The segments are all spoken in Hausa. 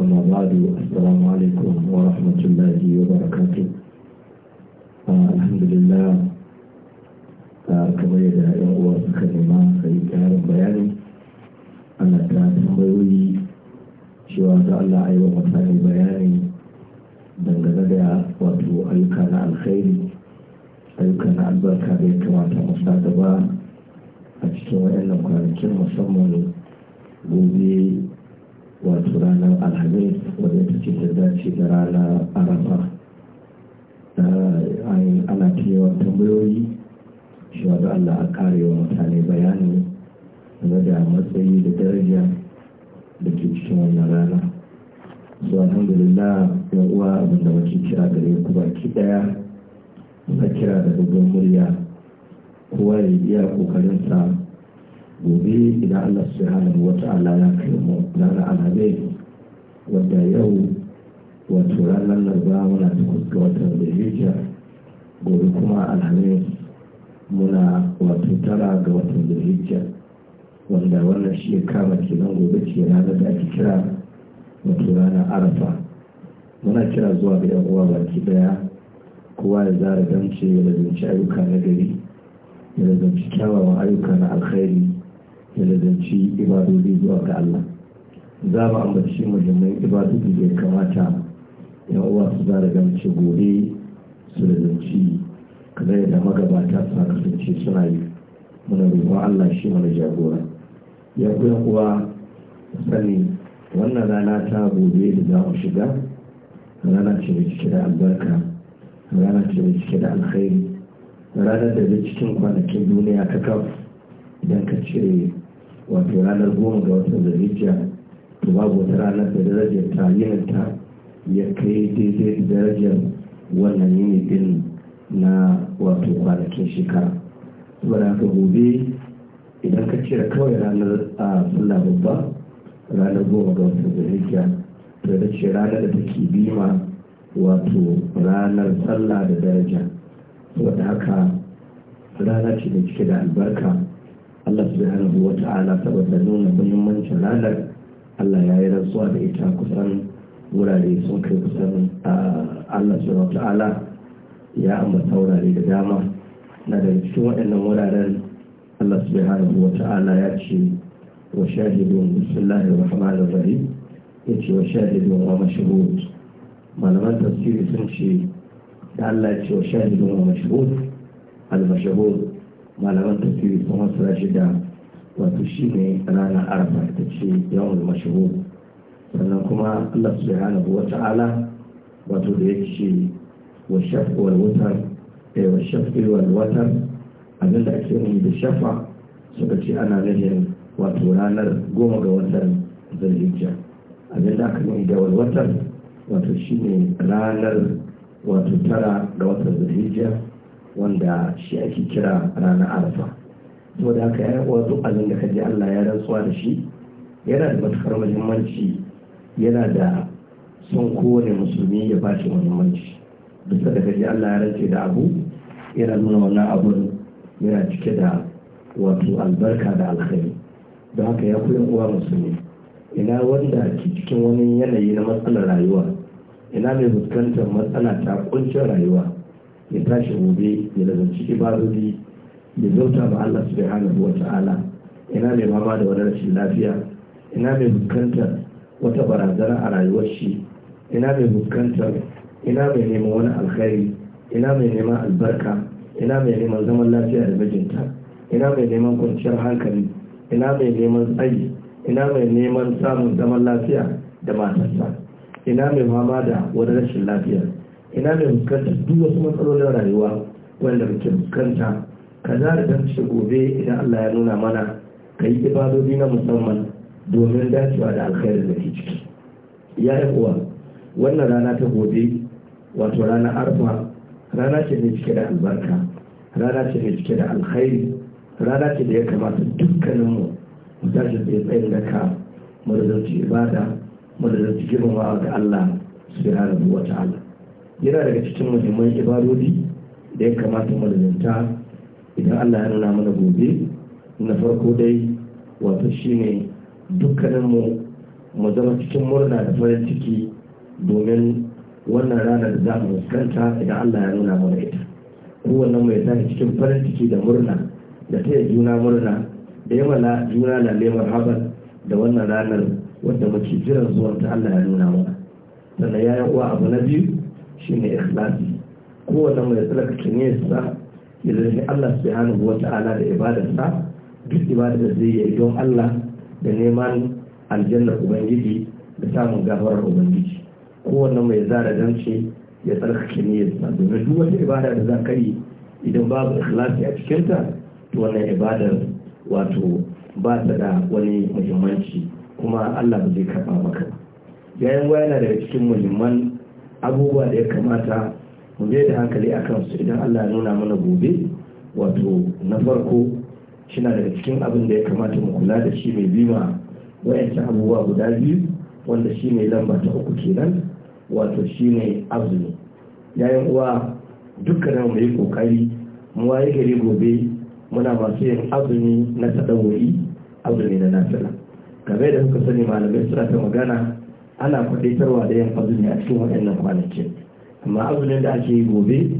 أما بعد السلام عليكم ورحمة الله وبركاته آه، الحمد لله كبير يقوى سكرنا في كهرب بياني أنا كانت خيوي شوى تعالى أي أيوة وقت ثاني بياني دنگنا دعا وطو أيوكان الخير أيوكان البركة بيكوان تمستادبا أجتوى إلا مكان كلمة سمون بوزي wato ranar alhamis wadda ta ce ta dace da ranar arafa eh, ana ta yawan tambayoyi shi wadda allah a karewa mutane bayani game da matsayi da daraja da ke cikin wannan rana zuwa alhamdulillah yan uwa abinda muke kira gare ku baki daya muka kira da dubban murya kowa ya iya sa gobe idan Allah subhanahu wata Allah ya kai mu ana ne wadda yau wato ranar larba muna kuka ga watan zulhijja gobe kuma alhamis muna wato tara ga watan zulhijja wanda wannan shi ya kama kenan gobe ce ranar da ake kira wato ranar arafa muna kira zuwa ga yan uwa baki daya kowa ya zara damci ya lazimci ayyuka na gari ya lazimci kyawawan ayyuka na alkhairi ya lazanci ibadodi zuwa ga Allah za mu ambaci muhimman ibadodi da ya kamata yan uwa su zara mace gobe su da lazanci kamar yadda magabata su kasance suna yi muna roƙon Allah shi mana jagora ya kuwa kuwa sani wannan rana ta gobe da za mu shiga rana ce mai cike da albarka rana ce mai cike da alkhairi ranar da zai cikin kwanakin duniya ta kaf idan ka cire wato ranar goma ga watan zulhijja to babu wata ranar da darajar ta ya kai daidai da darajar wannan yini din na wato kwanakin shekara da haka gobe idan ka cire kawai ranar a sallah babba ranar goma ga watan zulhijja to da ce ranar da take bima wato ranar sallah da daraja saboda haka rana ce da cike da albarka Allah subhanahu wa ta'ala saboda nuna muhimmancin ranar Allah ya yi rantsuwa da ita kusan wurare sun kai kusan Allah subhanahu wa ta'ala ya ambata wurare da dama na daga cikin waɗannan wuraren Allah subhanahu wa ta'ala ya ce wa shahidun bismillahir rahmanir rahim ya ce wa shahidun wa mashhud malaman tafsiri sun ce da Allah ya ce wa shahidun wa mashhud al-mashhud malaman tafsiri kuma wasu shi da wato shi ne ranar arba ta ce yawon mashigo sannan kuma allah subhanahu wa ta'ala wato da ya ce wa shafi wal da eh wa shafi wal watar abinda ake nuni da shafa suka ce ana nufin wato ranar goma ga watan zulhijja abinda aka nuni da wal wato wato ne ranar wato tara ga watan zulhijja wanda shi ake kira ranar arafa saboda haka ya yi duk abin da kaji Allah ya rantsuwa da shi yana da matukar muhimmanci yana da son kowane musulmi ya ba shi muhimmanci duk da kaji Allah ya rantse da abu yana nuna wannan abun yana cike da wato albarka da alkhairi don haka ya koyan uwa musulmi ina wanda ke cikin wani yanayi na matsalar rayuwa ina mai fuskantar matsala ta kuncin rayuwa ya tashi gobe ya lazanci ibadodi ya zauta ma Allah subhanahu wa ta'ala ina mai mama da wani rashin lafiya ina mai fuskantar wata barazana a rayuwar shi ina mai fuskantar ina mai neman wani alkhairi ina mai neman albarka ina mai neman zaman lafiya da mijinta ina mai neman kwanciyar hankali ina mai neman tsayi ina mai neman samun zaman lafiya da matarsa ina mai mama da wani rashin lafiya ina mai bukanta duk wasu matsalolin rayuwa wanda muke bukanta ka za da ce gobe idan Allah ya nuna mana ka yi ibadodi na musamman domin dacewa da alkhairin da ke ciki ya yi kuwa wannan rana ta gobe wato rana arfa rana ce mai cike da albarka rana ce mai cike da alkhairi rana ce da ya kamata dukkaninmu mu tashi tsaye tsayin da ka mu da ibada mu da girmamawa ga Allah rana wa ta'ala yana daga cikin muhimman ibadodi da ya kamata mu idan Allah ya nuna mana gobe na farko dai wato shine dukkaninmu mu zama cikin murna da farin ciki domin wannan ranar da za mu fuskanta idan Allah ya nuna mana ita kowanne mai tashi cikin farin ciki da murna da taya juna murna da yawa juna na lemar haɓar da wannan ranar wadda muke jiran zuwan ta Allah ya nuna mana sannan ya yi uwa abu na biyu shine ikhlasi kowanne mai tsarkake niyyarsa ya zargi Allah subhanahu wata'ala da sa duk ibadar da zai yi don Allah da neman aljanna ubangiji da samun gafarar ubangiji kowanne mai zara danci ya tsarkake niyyarsa domin duk wata ibada da za ka yi idan babu ikhlasi a cikinta to wannan ibadar wato ba ta da wani muhimmanci kuma Allah ba zai karɓa maka yayin waya yana daga cikin muhimman abubuwa da ya kamata mu je da hankali a kansu idan Allah nuna mana gobe wato na farko shina daga cikin abin da ya kamata mu kula da shi mai bima wayancin abubuwa guda biyu wanda shi ne lamba ta uku kenan wato shi ne azumi yayin uwa dukkanin mu yi kokari mu waye gari gobe muna masu yin azumi na tsadawuri azumi na nasila kamar da kuka sani malamai suna ta magana ana kwadaitarwa da yin azumi a cikin waɗannan kwanakin amma azumin da ake yi gobe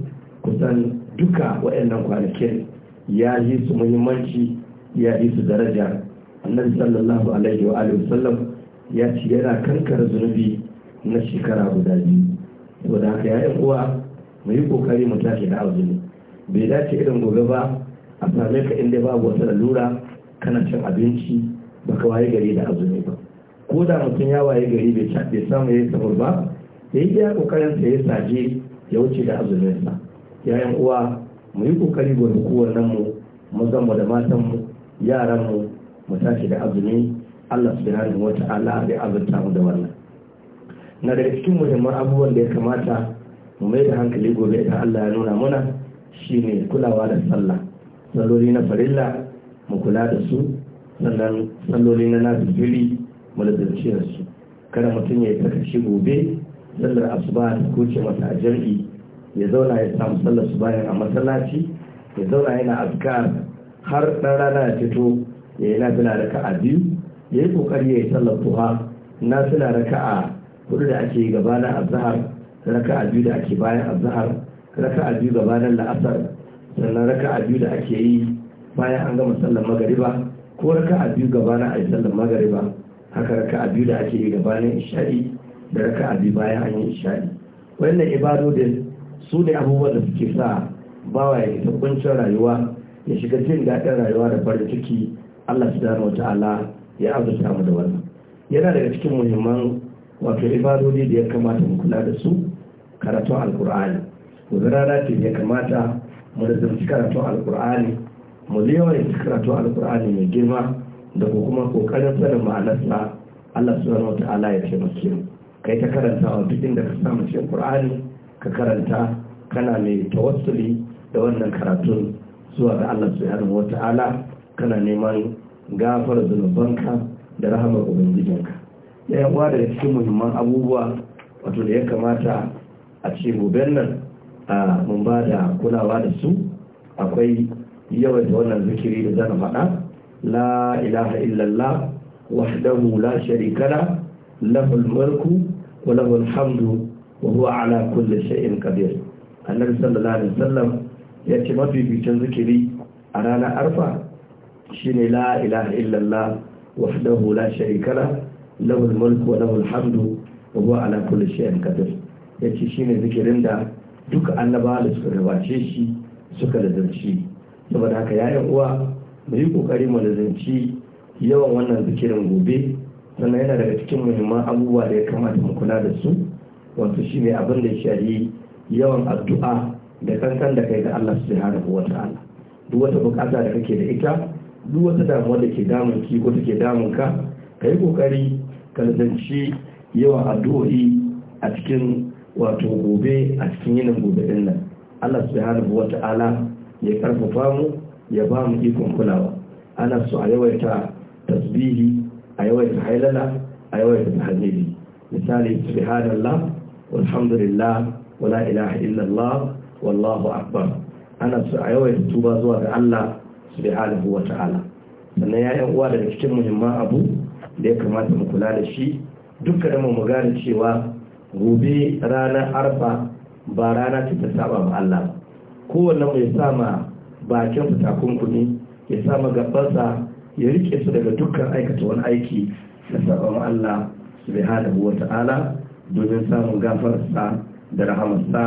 kusan duka waɗannan kwanakin ya yi su muhimmanci ya yi su daraja annabi sallallahu alaihi wa alihi wasallam ya ci yana kankar zunubi na shekara guda biyu saboda haka ya uwa mu yi kokari mu tashi da azumi bai dace irin gobe ba a same ka inda babu wata lalura kana cin abinci baka waye gari da azumi ba ko da mutum ya waye gari bai bai samu ya yi sahur ba ya yi ya kokarin sa ya saje ya wuce da azumin sa yayan uwa mu yi kokari gwada nan mu mazanmu da matan mu yaran mu mu tashi da azumi Allah subhanahu wata ta'ala azurta mu da wannan na daga cikin muhimman abubuwan da ya kamata mu mai da hankali gobe idan Allah ya nuna muna shine kulawa da sallah salloli na farilla mu kula da su sannan salloli na fili. mulazimciyarsu kada mutum ya yi takashi gobe sallar asuba ta koce masa a jar'i ya zauna ya samu sallar su bayan a masallaci ya zauna yana azkar har dan rana ya fito ya yi nafila raka a biyu ya yi kokari ya yi sallar tuha nafila raka a hudu da ake gabanin azhar raka a biyu da ake bayan azhar raka a biyu gabanin la'asar sannan raka a biyu da ake yi bayan an gama sallar magariba ko raka a biyu gabanin a yi sallar magariba haka raka a biyu da ake yi gabanin isha'i da raka a biyu bayan an yi isha'i wannan ibadodin su ne abubuwan da suke sa bawa ya ta kuncin rayuwa ya shiga jin daɗin rayuwa da farin ciki Allah subhanahu ya azurta mu da wannan yana daga cikin muhimman wato ibadodi da ya kamata mu kula da su karatun alkur'ani gobe rana ce ya kamata mu da zarci karatun alkur'ani mu yawan karatun alkur'ani mai girma da kuma kokarin sanin ma'anarsa Allah subhanahu wata'ala ya taimake mu kai ta karanta a duk inda ka samu cikin Qur'ani ka karanta kana mai tawassuli da wannan karatun zuwa ga Allah subhanahu kana neman gafar zunubanka da rahamar ubangijinka da yan uwa da cikin muhimman abubuwa wato da ya kamata a ce goben nan mun ba da kulawa da su akwai yawaita wannan zikiri da zan faɗa la ilaha illallah وحده لا شريك له له الملك وله الحمد وهو على كل شيء قدير النبي صلى الله عليه وسلم يأتي ما في بيتن ذكري أرانا أرفع شين لا إله إلا الله وحده لا شريك له له الملك وله الحمد وهو على كل شيء قدير يأتي شين ذكرين دا duk annabawa da suka gabace shi suka lazarci saboda haka yayan uwa mu yi kokari mu lazarci yawan wannan zikirin gobe sannan yana daga cikin muhimman abubuwa da ya kamata mu kula da su wato ne abin da ya yi yawan addu'a da kankan da kai ga Allah subhanahu wa ta'ala duk wata bukata da kake da ita duk wata damuwa da ke damun ki ko take damun ka yi kokari ka ladanci yawan addu'o'i a cikin wato gobe a cikin yinin gobe din nan Allah subhanahu wa ta'ala ya karfafa mu ya ba mu ikon kulawa ana so a yawaita tasbihi a yawaita hailala a yawaita tahmidi misali subhanallah walhamdulillah wala ilaha illallah wallahu akbar ana su a yawaita tuba zuwa ga Allah subhanahu wa ta'ala sannan ya yan uwa daga cikin muhimman abu da ya kamata mu kula da shi da mu gane cewa gobe ranar arfa ba rana ce ta saba ma Allah kowanne mu ya sama bakin takunkumi ya sama gabansa ya rike su daga dukkan aikata wani aiki da sabon Allah subhanahu wa ta'ala domin samun gafararsa da rahamarsa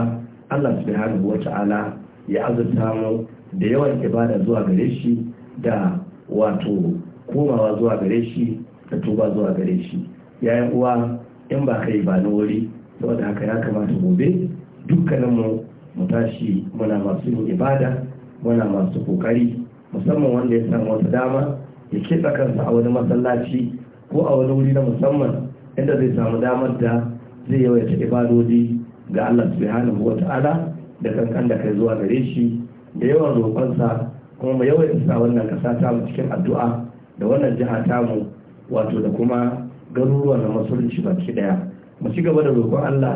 Allah subhanahu wa ta'ala ya azurta mu da yawan ibada zuwa gare shi da wato komawa zuwa gare shi da tuba zuwa gare shi yayin uwa in ba kai ba na wuri saboda haka ya kamata gobe dukkaninmu mu tashi muna masu yin ibada muna masu kokari musamman wanda ya samu wata dama ya ke kansa a wani masallaci ko a wani wuri na musamman inda zai samu damar da zai yawaita ibadodi ga Allah subhanahu wa ta'ala da kankan da kai zuwa gare shi da yawan roƙonsa kuma mu yawaita sa wannan ƙasa ta mu cikin addu'a da wannan jiha ta mu wato da kuma garuruwan na musulunci baki daya mu ci gaba da roƙon Allah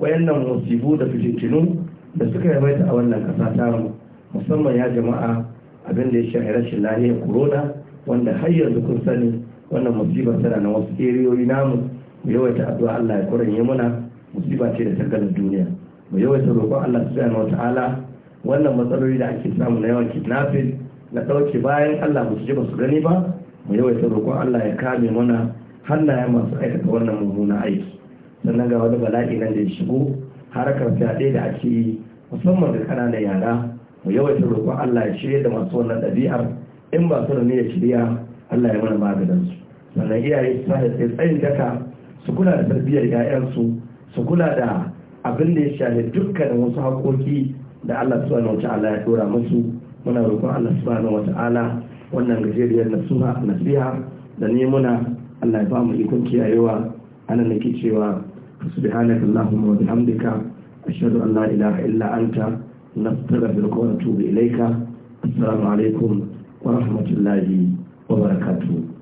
wayannan musibu da fitintinu da suka yawaita a wannan ƙasa ta mu musamman ya jama'a abin da ya shahararshi rashin corona wanda har yanzu kun sani wannan musiba tana na wasu eriyoyi namu mu yawaita addu'a Allah ya kuranye muna musiba ce da ta duniya mu yawaita roƙon Allah subhanahu wata'ala wannan matsaloli da ake samu na yawan kidnapping na ɗauke bayan Allah ba su ji ba su gani ba mu yawaita roƙon Allah ya kame mana hannayen masu aikata wannan mummunan aiki sannan ga wani bala'i nan da ya shigo harkar fyaɗe da ake yi musamman ga ƙananan yara mu yawaita roƙon Allah ya shirya da masu wannan ɗabi'ar in ba su ne ya shirya Allah ya mana maganinsu su sannan iyaye su sa sai tsayin daka su kula da tarbiyyar 'ya'yansu su kula da abin da ya shafi dukkanin wasu haƙoƙi da Allah wani wata Allah ya dora musu muna roƙon Allah subhanahu wata ala wannan gajeriyar nasuha nasiha da ne muna Allah ya ba mu ikon kiyayewa ana nake cewa subhanaka allahumma wa bihamdika ashhadu an la ilaha illa anta nastaghfiruka wa natubu ilayka assalamu alaikum wa rahmatullahi wa